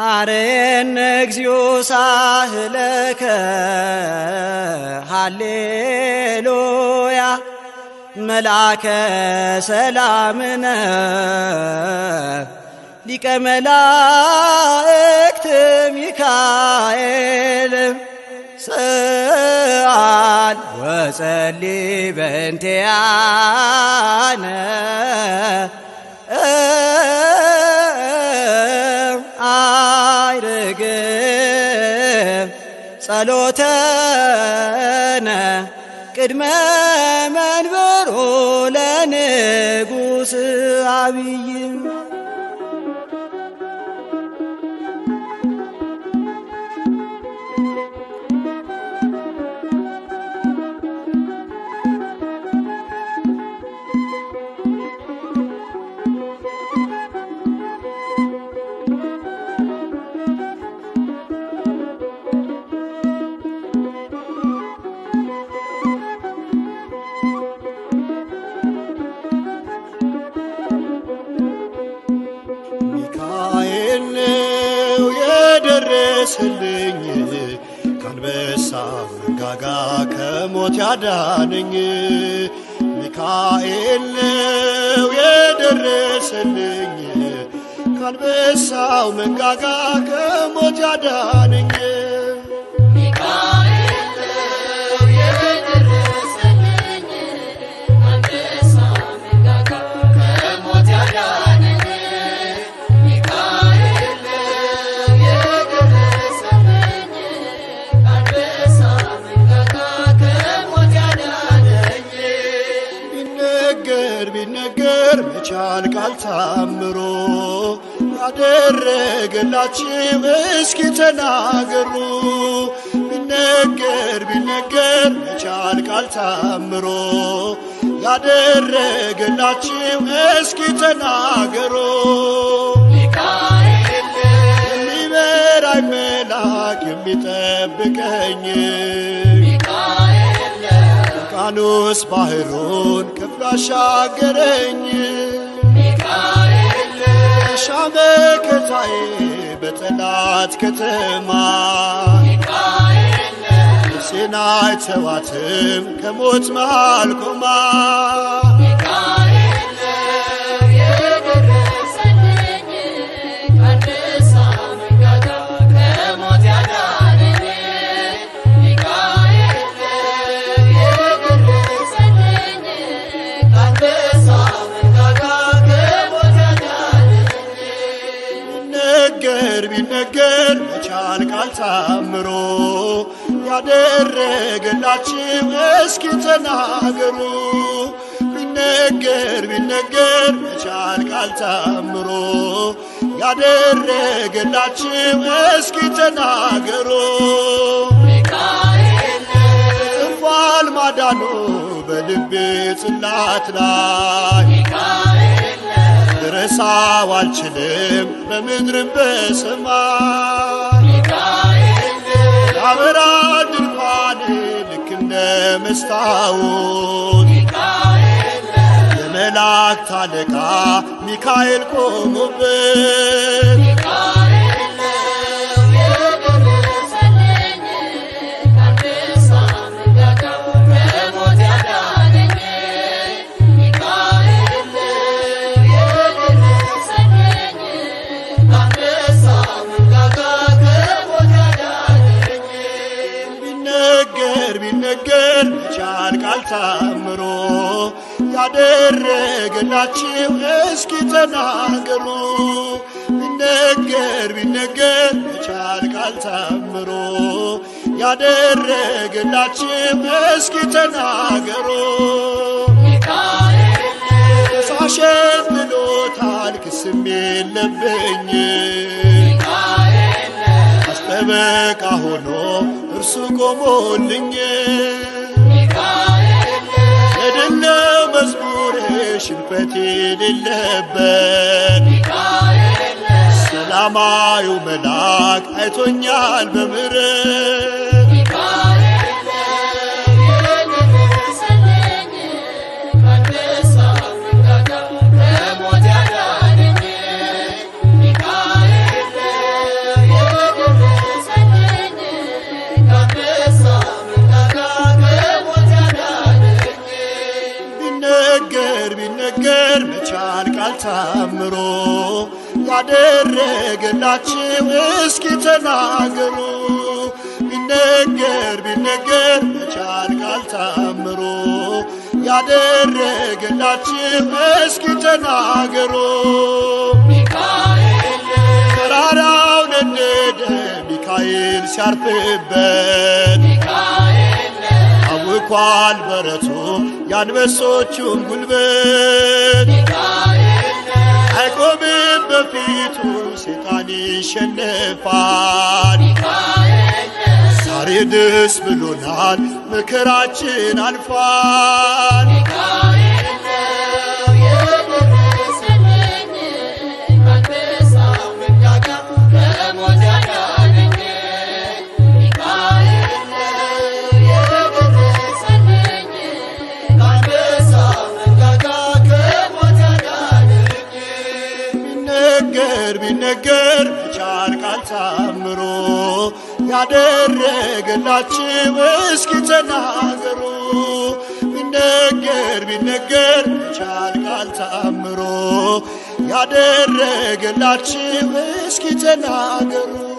አረን እግዚኦ ሳህለከ ሃሌሉያ መላከ ሰላምነ ሊቀ መላእክት ሚካኤል ሰአል ወጸሊ በንቴያነ ጸሎተነ ቅድመ መንበሮ ለንጉሥ አብይ ያደረስልኝ ከአንበሳ መንጋጋ ከሞት ያዳነኝ ሚካኤል ነው የደረሰልኝ ከአንበሳው መንጋጋ ከሞት ያዳነኝ ነገር ቢነገር መቻል ቃል ታምሮ ያደረገላችሁ እስኪ ተናገሩ። ቢነገር ቢነገር መቻል ቃል ታምሮ ያደረገላችሁ እስኪ ተናገሩ። የሚመራኝ መልአክ የሚጠብቀኝ ሊቃኖስ ባህሩን ባሻገረኝ ሚካኤል ሻመከታዬ በጠላት ከተማ ሚካኤል ሴና አይተዋትም ከሞት መሃል ቆማ አሳምሮ ያደረገላችሁ እስኪ ተናገሩ። ቢነገር ቢነገር መቻል ቃል ታምሮ ያደረገላችሁ እስኪ ተናገሩ። ጽፏል ማዳኑ በልቤ ጽላት ላይ ልረሳው አልችልም በምድርም በሰማይ ያበራ ድንኳን ልክ እንደ መስታወት የመላእክት አለቃ ሚካኤል ቆሞበት ታምሮ ያደረገላችሁ እስኪ ተናገሩ። ቢነገር ቢነገር መቻል ቃል ታምሮ ያደረገላችሁ እስኪ ተናገሩ። ተሳሸን ብሎታል ክስም የለብኝ አስጠበቃ ሆኖ እርሱ ቆሞልኝ ውድቀት የሌለበት ሰላማዊው መልአክ አይቶኛል በምሕረት አሳምሮ ያደረገላችሁ እስኪ ተናገሩ። ቢነገር ቢነገር መቻል ቃል ታምሮ ያደረገላችሁ እስኪ ተናገሩ። ተራራው ነደደ ሚካኤል ሲያርፍበት አውኳል በረቶ ያንበሶቹን ጉልበት ከቆምም በፊቱ ሰይጣን ይሸነፋል። ዛሬ ደስ ብሎናል፣ መከራችን አልፏል። ነገር ቻል ቃል ታምሮ ያደረገላችሁ እስኪ ተናገሩ። ቢነገር ቢነገር ቻል ቃል ታምሮ ያደረገላችሁ እስኪ ተናገሩ።